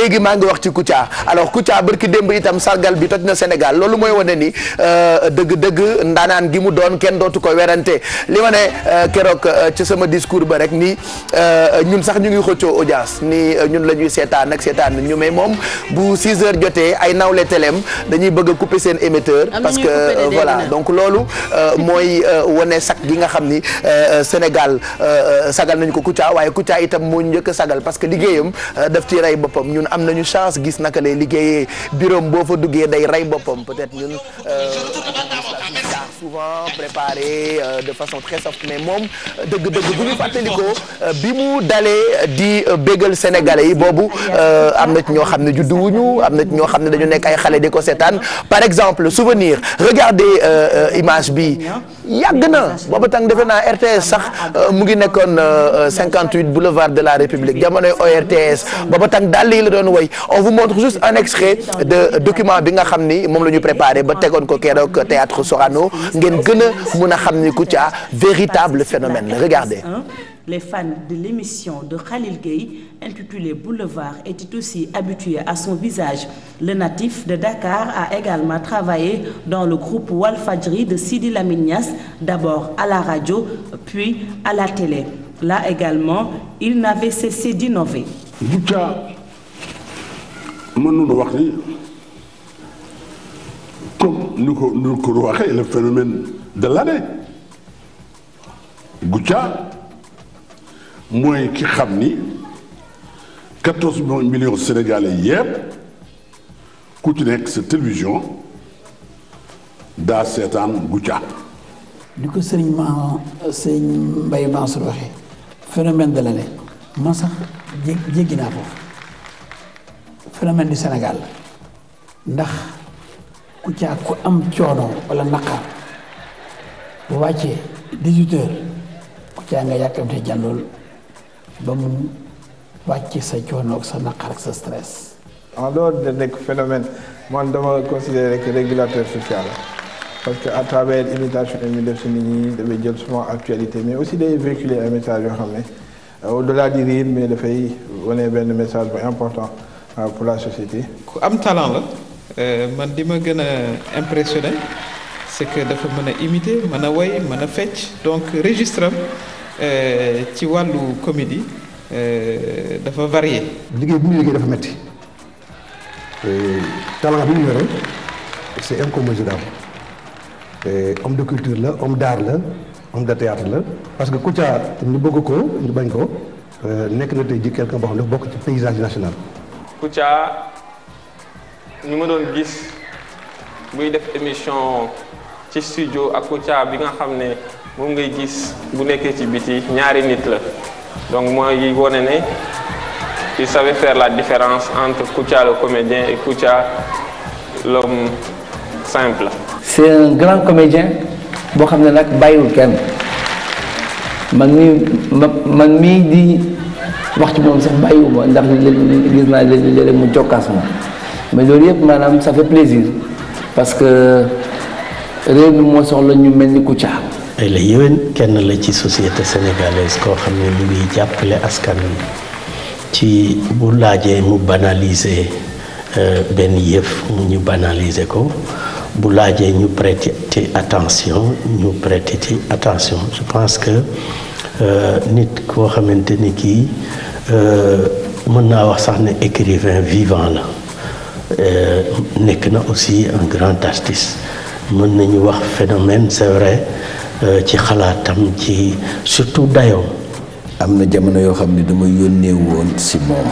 léegi maa ngi wax ci Kouthia alors Kouthia barki démb itam sargal bi toj na Sénégal loolu mooy wane ni euh, dëgg-dëgg ndaanaan gi mu doon kenn dootu ko werante li ma ne euh, keroog euh, ci sama discours ba rek ni ñun sax ñu ngi xëccoo audience ni ñun la ñuy seetaan ak seetaan ñu mais moom bu 6 heures jotee ay nawle teleem dañuy bëgg a couper seen émetteur parce que voilà donc loolu mooy wane sac gi nga xam ni Sénégal sagal nañ ko Kouthia waaye Kouthia itam moo njëkk sagal parce que liggéeyam daf ci rey boppam am nañu chance gis naka lay liggéeyee bureau boo fa duggee day rey boppam peut-être ñun. Euh, souvent préparé euh, de façon très mais moom euh, dëgg-dëgg bu ñu fàttalikoo euh, bi mu dalee di bégal sénégalais yi boobu am na ci ñoo xam ne juddu am na ci ñoo xam ne dañu nekk ay xale di ko seetaan par exemple souvenir regardez image bi yàgg na boobu tàng defe naa RTS sax mu ngi nekkoon 58 boulevard de la République jamonoy ORTS boobu tàng daal li la doon woy on vous montre juste un extrait de document bi nga xam ni moom la ñu préparé ba tegoon ko keroog théâtre Sorano ngeen gën a mun a xam ni Kouthia véritable phénomène la regardez. les fans de l'émission de Khalil Gueye intitulée Boulevard étaient aussi habitués à son visage le natif de Dakar a également travaillé dans le groupe Walfadjri de Sidi Lamine Niass d'abord à la radio puis à la télé là également il n'avait cessé d'innover comme nu ko nu ko waxee le phénomène de l'année Gouthia mooy ki xam ni quatorze millions sénégalais yëpp ku ci nekk sa télévision daa seetaan Gouthia di ko sëriñ ma sëriñ Mbaye Mansour waxee phénomène de l'année man jéggi naa foofu phénomène du Sénégal ndax ku caa ku am coono wala naqar bu wàccee dix-huit heures ku caa nga yàkkamte jàllool ba mu wàcce sa coono ak sa naqar ak sa stress. en dehors de nekk phénomène man dama considéré que régulateur social parce que à travers imitation yi ñu def si nit ñi dafay jël souvent actualité mais aussi day véhiculer un message yoo xam ne euh, au-delà du rire mais dafay wane benn message bu important euh, pour la société. ku am talent la. Euh, man di ma gën a impressionné c'est que dafa mën a imiter mën a woy mën a fecc donc registre am euh, ci wàllu comédie euh, dafa varié. liggéey bi ñu liggéey dafa metti talent bi ñu yore c'est incommensurable homme de culture la homme d'art la homme de théâtre la parce que Kouthia ñu bëgg ko ñu bañ ko nekk na te ji quelqu'un boo xam ne bokk ci paysage national. Kouthia. ñu ma doon gis buy def émission ci studio ak Kouthia bi nga xam ne moom ngay gis bu nekkee ci biti ñaari nit la donc mooy wone ne il savait faire la différence entre Kouthia le comédien et Kouthia l'homme simple. c'est un grand comédien boo xam ne nag bàyyiwul kenn man mi man mii di wax ci moom sax bàyyiwuma ndax gis naa léeg-léeg mu jokkaas ma. mais loolu yëpp maanaam ça fait plaisir parce que réew mi moo soxla ñu mel ni Kouthia. ay la yéwén kenn la ci société sénégalaise koo xam ne mu ngi jàppale askan wi ci bu laajee mu banaliser euh, benn yëf mu ñu banaliser ko bu laajee ñu prêter ci attention ñu prêter ci attention je pense que euh, nit koo xamante ni kii euh, mën naa wax sax ne écrivain vivant la. Euh, nekk na aussi un grand artiste mën nañu wax phénomène c'est euh, ci xalaatam ci surtout dayoom am na jamono yoo xam ne dama yónnee woon si moom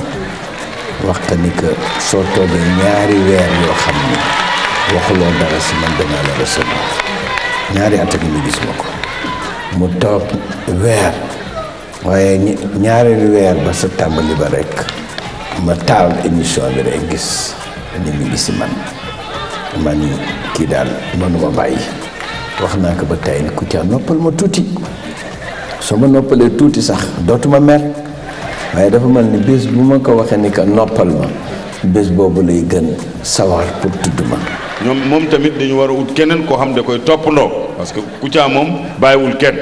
wax ni que soo toogee ñaari weer yoo xam ne waxuloo dara si man danaa la recevoir weer ba sa ba rek ma taal émission bi rek gis nit ñi gis si man ma ni kii daal mënuma bàyyi wax naa ko ba tey ne Kouthia noppal ma tuuti soo ma noppalee tuuti sax dootuma mer waaye dafa mel ni bés bu ma ko waxee ni que noppal ma bés boobu lay gën sawar pour tudd ma. ñoom moom tamit dañu war a ut keneen koo xam da koy toppandoo parce que Kouthia moom bàyyiwul kenn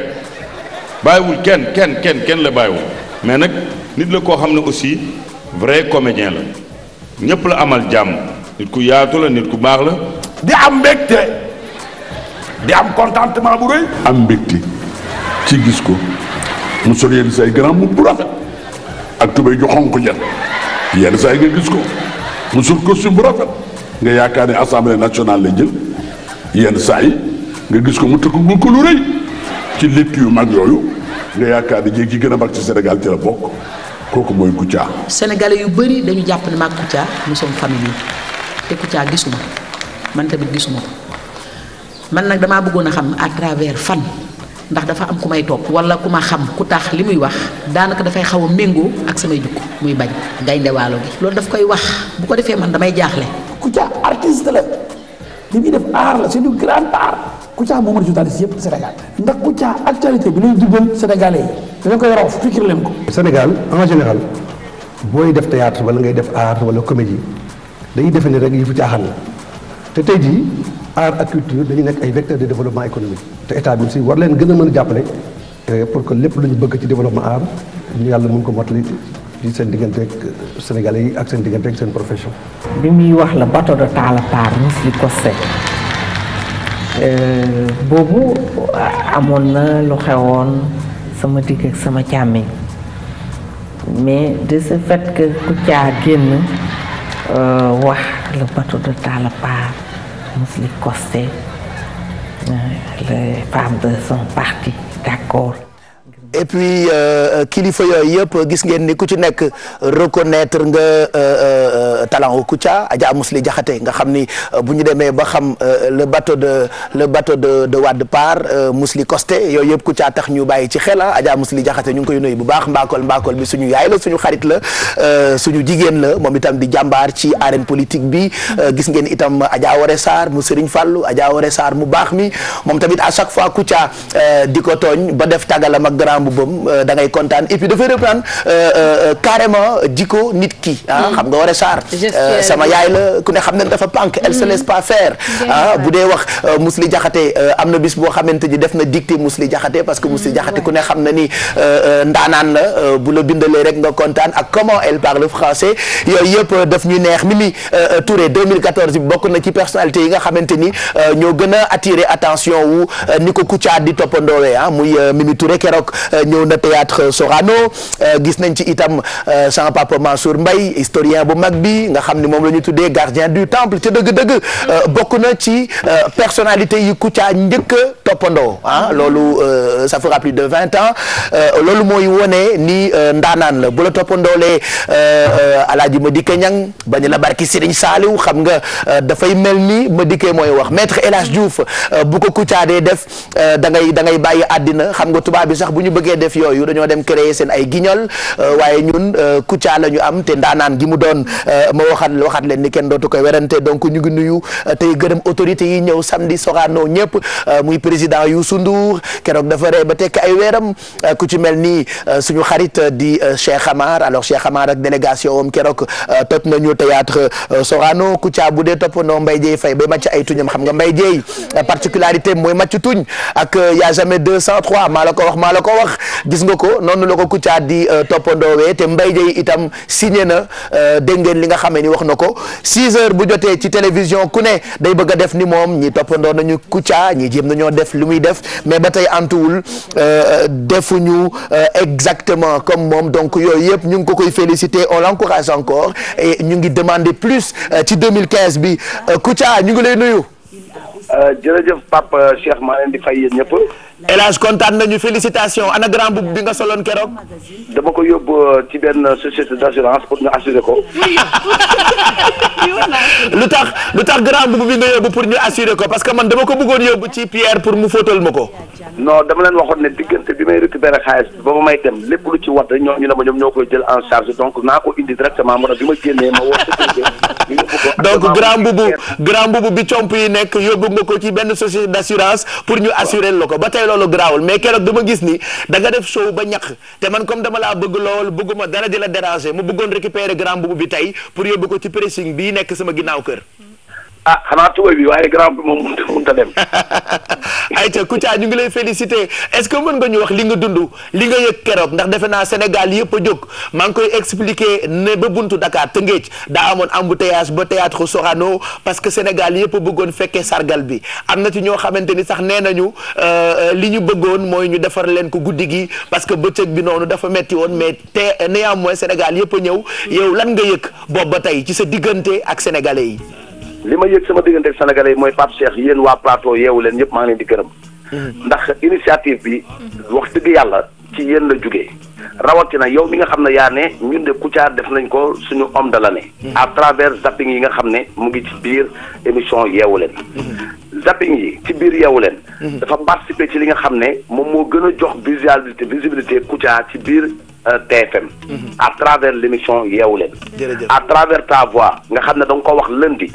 bàyyiwul kenn kenn kenn kenn la bàyyiwul mais nag nit la koo xam ne aussi vrai comédien la. ñëpp la amal jàmm nit ku yaatu la nit ku baax la. di am mbégte di am contentement bu rëy. am mbégte ci gis ko mu sol yenn say grand mu bu rafet ak tubéy ju xonq jar yenn saay nga gis ko mu sol costume bu rafet nga yaakaar ne assemblée nationale la jël yenn saay nga gis ko mu tëkkagul ko lu rëy ci létt yu mag yooyu nga yaakaar ne jéeg yi gën a mag ci Sénégal ci la bokk. kooku mooy Kouthia. sénégalais yu bëri dañu jàpp ne maag Kouthia nous sommes famille te Kouthia gisuma man tamit gisuma ko man nag damaa bëggoon a xam à travers fan ndax dafa am ku may toog wala ku ma xam ku tax li muy wax daanaka dafay xaw a méngoo ak samay jukk muy bañ gaynde waalo gi loolu daf koy wax bu ko defee man damay jaaxle. Kouthia artiste la li muy def art la c'est du grand art Kouthia moom la journaliste yëpp Sénégal ndax Kouthia actualité bi lay dugal dinañ ko war a wax fikir ko. Sénégal en général booy def théâtre wala ngay def aar wala comédie dañuy defe ni rek yëfu caaxaan la te tey jii art ak culture dañu nekk ay vecteurs de développement économique te état bi aussi war leen gën a mën a jàppale eh, pour que lépp lu bëgg ci développement art ñu yàlla mën ko mottali ci seen diggante digganteeg Sénégalais yi ak seen digganteeg seen profession. bi muy wax la bateau de Talla Paar Mously Cosset boobu amoon na lu xewoon. sama digg ak sama càmmiñ mais de ce fait que Kouthia génn euh, wax le bateau de Talla Paar Costé euh, les femmes de son parti d'accord et euh, euh, kilifa yooyu yëpp gis ngeen ni ku ci nekk reconnaître nga euh, talent wu Kouthia Adja Mously Diakhaté nga xam ni bu ñu demee ba xam le bateau de le bateau de de Wade Paar Mously Costé yooyu yëpp Kouthia tax ñu bàyyi ci xel ah Adja Mously Diakhaté ñu ngi koy nuyu bu baax mbaakol mbaakol bi su suñu yaay la suñu xarit la suñu jigéen la moom itam di jàmbaar ci arène politique bi gis ngeen itam Adja Wore Sarr mu Serigne fàllu Adja Wore Sarr mu baax mi moom tamit à chaque fois Kouthia di ko tooñ def tàggalam mbubbam euh, da ngay kontaan et puis dafay reprendre euh, euh, carrément jikko nit ki ah hmm. xam nga war a saar sama yaay la ku ne xam ne dafa pànk elle se hmm. laisse pas faire ah, bu dee wax Mously Diakhaté am na bis boo xamante ni def na dicté Mously Diakhaté parce que Mously hmm, Diakhaté ku ne xam na ni ndaanaan la bu la bindalee rek nga kontaan ak comment elle parle français yooyu yëpp daf ñu neex Mimi Touré 2014 bokk na ci personnalité yi nga xamante ni ñoo gën a attirer attention wu ni ko Kouthia di ñëw na théâtre Sorano euh, gis nañ ci itam sama euh, papa Mansour Mbaye historien bu mag bi nga xam ne moom la ñu tuddee gardien du temple ca dëgg-dëgg euh, bokk na ci personnalité yi Kouthia njëkk a toppandoo ah loolu ça fera plus de vingt ans loolu mooy wone ni ndaanaan la bu la toppandoolee Alaaji Madické Niang bañ la barki Serigne Saliou xam nga dafay mel ni ma Madické mooy wax maître El Hadj bu ko Kouthia dee def da ngay da ngay bàyyi àddina xam nga tubaab bi sax bu ñu bëggee def yooyu dañoo dem créer seen ay guignol euh, waaye ñun euh, Kouthia la ñu am te ndaanaan gi mu doon euh, ma waxaat waxaat leen ni kenn dootu koy werante donc ñu ngi nuyu tey gërëm autorités yi ñëw samedi Sorano ñëpp muy président Youssou Ndour keroog dafa ree ba tekk ay weeram ku ci mel ni suñu xarit di Cheikh Amar alors Cheikh Amar ak délégation am keroog tot nañu théâtre Sorano Kouthia bu dee toppandoo Mbaye Dieye Faye bay màcc ay tuñam xam nga Mbaye Dieye particularité a jamais gis nga ko noonu la ko Kouthia di euh, toppandoowee te mbay Dieye itam signé na euh, dégg ngeen li nga xamee ni wax na ko 6 heures bu jotee ci télévision ku ne day bëgg def ni moom ñii toppandoo nañu Kouthia ñi jéem nañoo def li muy def mais ba tey antuwul euh, defuñu exactement comme moom donc yooyu yëpp ñu ngi ko koy féliciter on l'encourage encore et ñu ngi demander plus ci 2015 bi Kouthia ñu ngi lay nuyu. jërëjëf Pape Cheikh maa leen di fay yéen ñëpp. El Hadj kontaan nañu félicitation ana grand boubou bi nga soloon keroog. dama ko yóbbu euh, ci benn euh, société d' pour ñu assurer ko. lu tax lu tax grand boubou bi ko parce que man dama ko bëggoon yóbbu ci Pierre pour mu fóotal ma ko. non dama leen waxoon lu ci wadd ñoo ñu ne ma ñoom ñoo koy jël en charge donc bi nekk yóbbu nga ko ci benn société d' assurance la ko ba tey ne loolu garaawul mais keroog dama gis ni danga def show ba ñax te man comme dama la bëgg lool bëgguma dara di la déranger mu bëggoon récupérer grand boubou bi tey pour yóbbu ko ci pressing bi nekk sama ginnaaw kër ah xanaa tuba bi waaye grand moom mënut a dem. ayca Kouthia ñu ngi lay féliciter est-ce que mën nga ñu wax li nga dund li nga yëg keroog ndax defe naa Sénégal yëpp a jóg maa ngi koy expliquer ne ba buntu Dakar Tëngéej daa amoon embouteillage ba théâtre Sorano parce que Sénégal yëpp bëggoon fekkee sargal bi am na ci ñoo xamante ni sax nee nañu euh, li ñu bëggoon mooy ñu defar leen ko guddi gi parce que bëccëg bi noonu dafa metti woon mais te néanmoins Sénégal yëpp a ñëw yow lan nga yëg boobu ba tey ci sa diggante ak sénégalais yi. li ma yëg sama diggante ak sénégalais yi mooy Pape Cheikh yéen waa plateau yeewu leen ñëpp maa ngi leen di gërëm. ndax initiative bi. wax dëgg yàlla ci yéen la jugee. rawatina yow mi nga xam ne yaa ne ñun de Kouthia def nañ ko suñu homme de l'année. à travers zapping yi nga xam ne mu ngi ci biir émission yeewu leen. zapping yi ci biir yeewu leen. Hmm. dafa participer ci li nga xam ne moom moo gën a jox visibilité visibilité Kouthia ci biir Euh, TFM. Mhm. à travers l' émission yeewu leen. à travers ta voix nga xam ne da nga ko wax lundi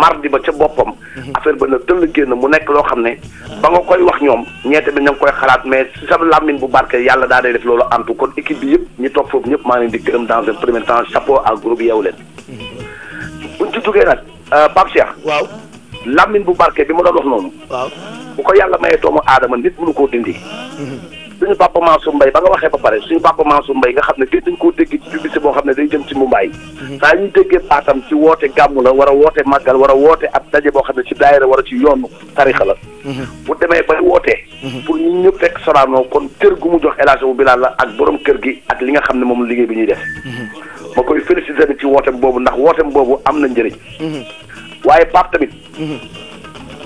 mardi ba ca boppam. Mhm. affaire ba na tëll génn mu nekk loo xam ne. ba nga koy wax ñoom ñeete bi ña ngi koy xalaat mais si sa làmmiñ bu barke yàlla daa day def loolu antu kon équipe bi yëpp ñu toog foofu ñëpp maa ngi leen di gërëm dans un premier temps chapeau à groupe yeewu leen. Mhm. buñ ci nag euh, Pape Cheikh. waaw làmmiñ bu barke bi ma doon wax noonu. waaw bu ko yàlla mayee doomu aadama nit mënu koo dindi. suñu papa Mansour Mbaye ba nga waxee ba pare suñu papa Mansour Mbaye nga xam ne gëj koo dégg ci publicité boo xam ne day jëm ci Mumbaay mhm. saa ñu déggee baatam ci woote gàmmu la war a woote màggal war a woote ab daje boo xam ne ci daayira war a ci yoonu tarixa la mhm. bu demee bay wootee mhm. pour ñu ñëpp fekk Sorano kon kër gu mu jox élage bu bilaal la ak borom kër gi ak li nga xam ne moom liggéey bi ñuy def ma koy félicité ci wootem boobu ndax wootem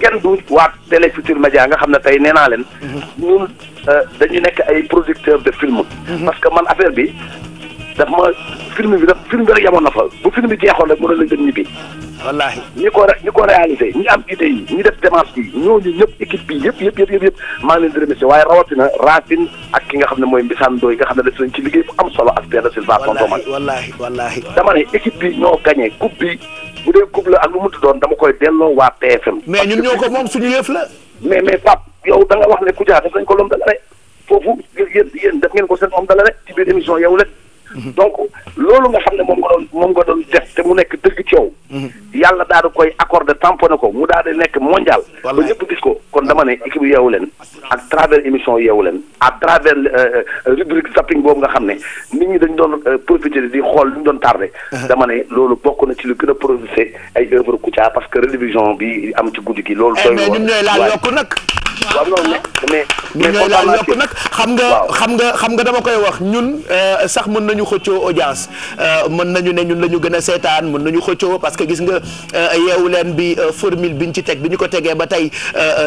kenn du waa Télé Futurs Médias nga xam ne tey nee naa leen. Mhm. ñun euh, dañu nekk ay producteur de film. Mhm. parce que man affaire bi daf ma film bi daf film bi rek yamoon na fa bu film bi jeexoon rek mënoon nañ dem ñibbi. wallaahi ñi ko ñi ko réalisé ñi am idée yi ñi def démarche bi ñooñu ñëpp équipe bi yëpp yëpp yëpp yëpp maa ngi waaye rawatina Racine ak ki nga xam ne mooy Mbisaan Ndoye nga xam ne def nañ ci liggéey bu am solo ak de Silva. wallaahi wallaahi dama ne bu dee couple ak lu mu doon dama koy delloo waa TFM. mais ñun ñoo ko moom suñu yëf la. mais mais Pape yow da nga wax ne Kouthia def nañ ko lom ngeen ko seen om dala ci biir émission yow rek. Mhm. donc loolu nga xam ne moom nga doon moom nga doon def te mu nekk dëgg ci yow. Mhm. yàlla daal di koy accordé tamponné ko mu daal di nekk mondial. ba ñëpp gis ko. kon dama ne équipe yeewu leen à travers émission yeewu leen à travers euh, euh, rubrique zapping boobu nga xam ne nit ñi dañu doon euh, profité di xool li ñu doon tardé. Uh-huh. dama ne loolu bokk na ci lu gën a produire ay œuvre Kouthia parce que révision bi am ci guddi ki loolu. Eh, doy woon waaye waaw loolu mais laal yokk nag xam nga xam nga xam nga dama koy wax ñun sax mën nañu xëccoo audience mën nañu ne ñun la ñu gën a seetaan mën nañu xëccoo parce que gis nga yeewu leen bi formule bi ñu ci teg bi ñu ko tegee ba tey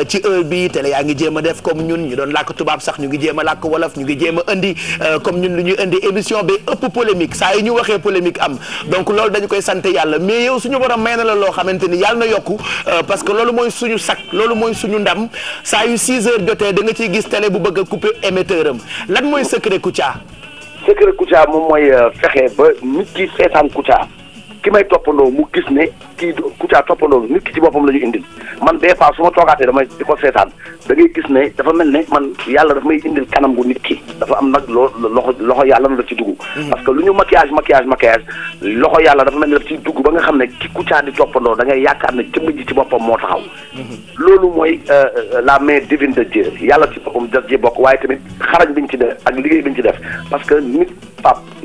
ci ci heure bi télé yaa ngi jéem a def comme ñun ñu doon làkk tubaab sax ñu ngi jéem a làkk wolof ñu ngi jéem a indi euh, comme ñun lu ñuy indi émission bi ëpp polémique saa yi ñu waxee polémique am donc loolu dañu koy sant yàlla mais yow suñu borom may na la loo xamante ni yàlla na yokku euh, parce que loolu mooy suñu sac loolu mooy suñu ndam saa yu 6 heures jotee da nga ciy gis télé bu bëgg a couper émetteur am lan mooy secret Kouthia secret Kouthia moom mooy euh, fexe ba nit ki seetaan Kouthia ki may toppandoo mu gis ne kii Kouthia toppandoo nit ki ci boppam la ñu indil man des fois su ma toogaatee damay di ko seetaan dangay gis ne dafa mel ne man yàlla dafa may indil kanam gu nit ki dafa am nag loo loxo loxo yàlla la ci dugg. Hmm. parce que lu ñu maquillage maquillage maquillage loxo yàlla dafa mel ne daf ciy dugg ba nga xam ne ki Kouthia di toppandoo da ngay yaakaar ne jëmm ji ci boppam moo taxaw. Hmm. loolu mooy euh, euh, la main divine de Dieu yàlla ci boppam daf ci bokk waaye tamit xarañ biñ ci def ak liggéey biñ ci def parce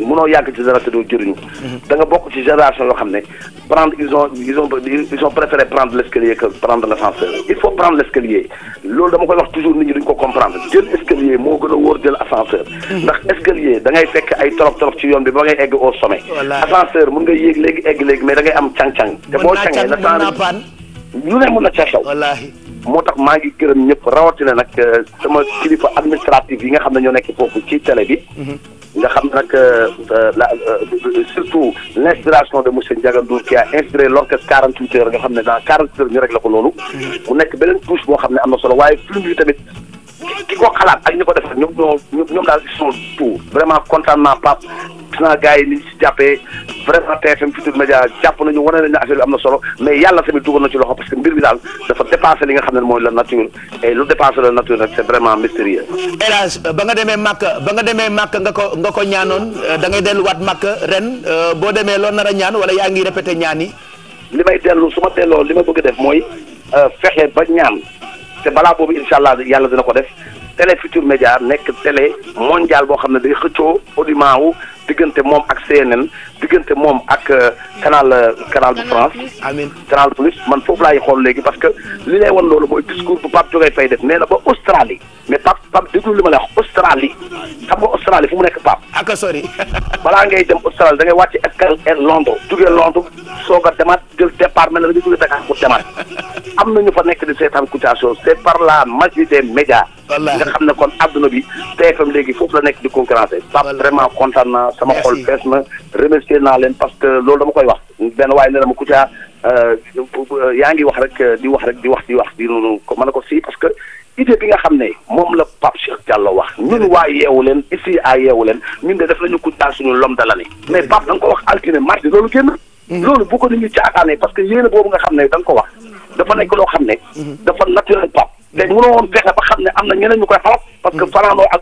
mënoo yàgg ci dara te doo jëriñu mhm. da nga bokk ci génération yoo xam ne prendre ils ont ils ont ils prendre l'escalier que prendre l'ascenseur il faut prendre l'escalier loolu dama koy wax toujours nit ñi duñ ko comprendre jël escalier moo gën a wóor jël ascenseur mhm. ndax escalier da fekk ay torop torop ci yoon bi ba ngay egg au sommet ascenseur mun nga yéeg léegi egg léegi mais da am càng-càng te boo cangee la temps lu ne mën na ca moo tax euh, yi nga xam ne ñoo nekk foofu ci télé nga xam nag euh, euh, la euh, surtout l' de monsieur Ndiaga Ndour qui a inspiré l'orchestre 48 heures nga xam ne dans 48 heures ñu rek la ko loolu. mu nekk beneen touche boo xam ne am na solo waaye film yi tamit ki ko xalaat ak ñi ko defar ñoom ñoo ñoom daal ils sont tout vraiment kontaan naa Pape gis naa gars yi ni si jàppee. vraiment TFM Futurs Médias jàpp nañu wane nañ ne am na solo mais yàlla tamit dugal na ci loxo parce que mbir bi daal dafa dépassé li nga xam ne mooy la nature lu dépassé la nature c'est vraiment mystérieux. Elage ba nga demee Màkk ba nga demee Màkk nga ko nga ko ñaanoon euh, da delluwaat Màkk ren euh, boo demee loo nar a ñaan wala yaa ngi répété ñaan yi. li may dellu su ma delloo li ma bëgg def mooy euh, fexe ba ñaan te balaa boobu incha allah yàlla dina ko def Télé Futurs Médias nekk télé mondial boo xam ne day xëccoo audiment wu diggante moom ak CNN diggante moom ak euh, canal euh, canal bu France. canal plus man foofu laay xool léegi parce que li lay wan loolu mooy discours bu Pape Diomaye Faye def nee ba Australie mais Pape Pape déglu li ma lay wax Australie xam nga Australie fu mu nekk Pape. ak sori balaa ngay dem Australie da wàcc escale Londres. jugee Londres soog a demaat jël départ mel na da nga jóge Dakar pour am na ñu fa nekk di seetaan Kouthia c'est par la magie des médias. nga xam sama xol fees na remercier naa leen parce que loolu dama koy wax benn waaye nee na ma Kouthia euh, yaa ngi euh, wax rek di wax di wax di wax di noonu ko mën na ko si parce que idée bi nga xam ne moom la Pape Cheikh Diallo wax ñun waa yeewu leen ici à yeewu leen ñun de def nañu Kouthia suñu l'homme de l'année mais Pape da nga ko wax altine mardi loolu génn mhm. loolu bu ko nit ñu caaxaanee parce que yéene boobu nga xam ne da ko wax dafa nekk loo xam ne mhm. dafa naturel Pape te mhm. mënoo woon fexe ba xam ne am na ñeneen ñu koy xalaat parce que fanaanoo ak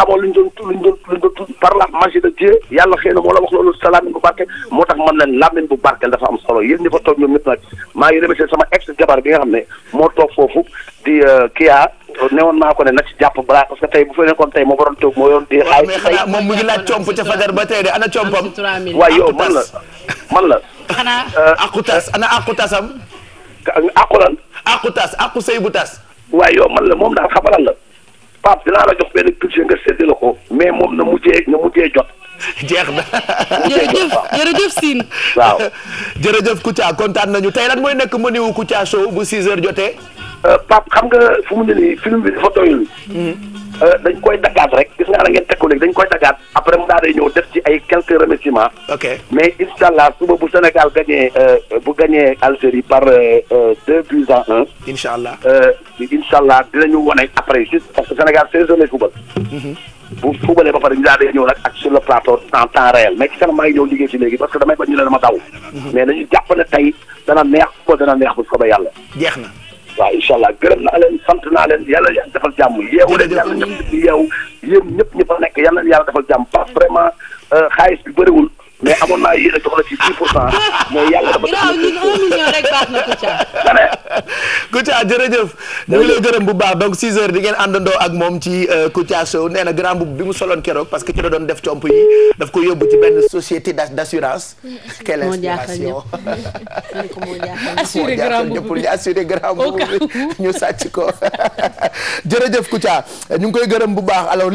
xamoo luñ doon luñ doon luñ doon par la magie de Dieu yàlla xëy na moo la wax loolu sa làmmiñ bu barke moo tax man leen làmmiñ bu barkeel dafa am solo yéen ñi fa toog ñoom ñëpp nag maa ngi remercier sama ex jabar bi nga xam ne moo toog foofu di euh, Kia newoon naa ko ne na ci jàpp balaa parce que tey bu fa nekkoon tey moo waroon toog moo yoon di xaay tey moom mu ngi laaj comp ca fajar ba tey de ana compam waaye yow man la man la euh, xanaa aqu tas ana aqu tasam tas aqu sëy yow man la moom daal xabaral la Pape dinaa la jox benn budget nga séddale la ko mais moom na mujjee na mujjee jot. jeex na jërëjëf jërëjëf Sine. waaw jërëjëf Kouthia kontaan nañu tey lan mooy nekk mënewu Kouthia Show bu 6 heures jotee. Euh, Pape xam nga fu mu ne ni film bi dafa doyul. Hmm. Euh, dañ koy daggaat rek gis nga na ngeen teg ko léegi dañ koy daggaat après mu daal di ñëw def ci ay quelques remerciements. ok mais incha allah suba bu Sénégal gagné euh, bu gagné Algérie par euh, deux buts à un. incha allah incha allah dinañu wane après juste parce que Sénégal c'est zone football. Mhm. bu fubalee ba pare ñu daal ñëw nag ak sur le plateau en temps réel mais ci kanam maa ñëw liggéey ci léegi parce que damay bañ ñu ne dama daw. Mhm. mais nañu jàpp ne tey dana neex ko dana neex na. waaw incha allah gërëm naa leen sant naa leen yàlla yàlla defal jàmm yeewu leen yàlla ñëpp yeew ñëpp ñu fa nekk yalla yàlla defal jàmm parce vraiment euh, xaalis bi bëriwul mais amoon naa yéen a jox la ci 10 pour cent mais yàlla dafa def Kouthia jërëjëf ñu ngi lay gërëm bu baax donc 6 heures di ngeen àndandoo ak moom ci euh, Kouthia Show nee na grand boubou bi mu soloon keroog parce que ci doon def comp yi daf ko yóbbu ci benn société d'assurance mm-hmm. quelle inspiration ñu assuré grand boubou ñu sàcc ko jërëjëf Kouthia ñu ngi gërëm bu baax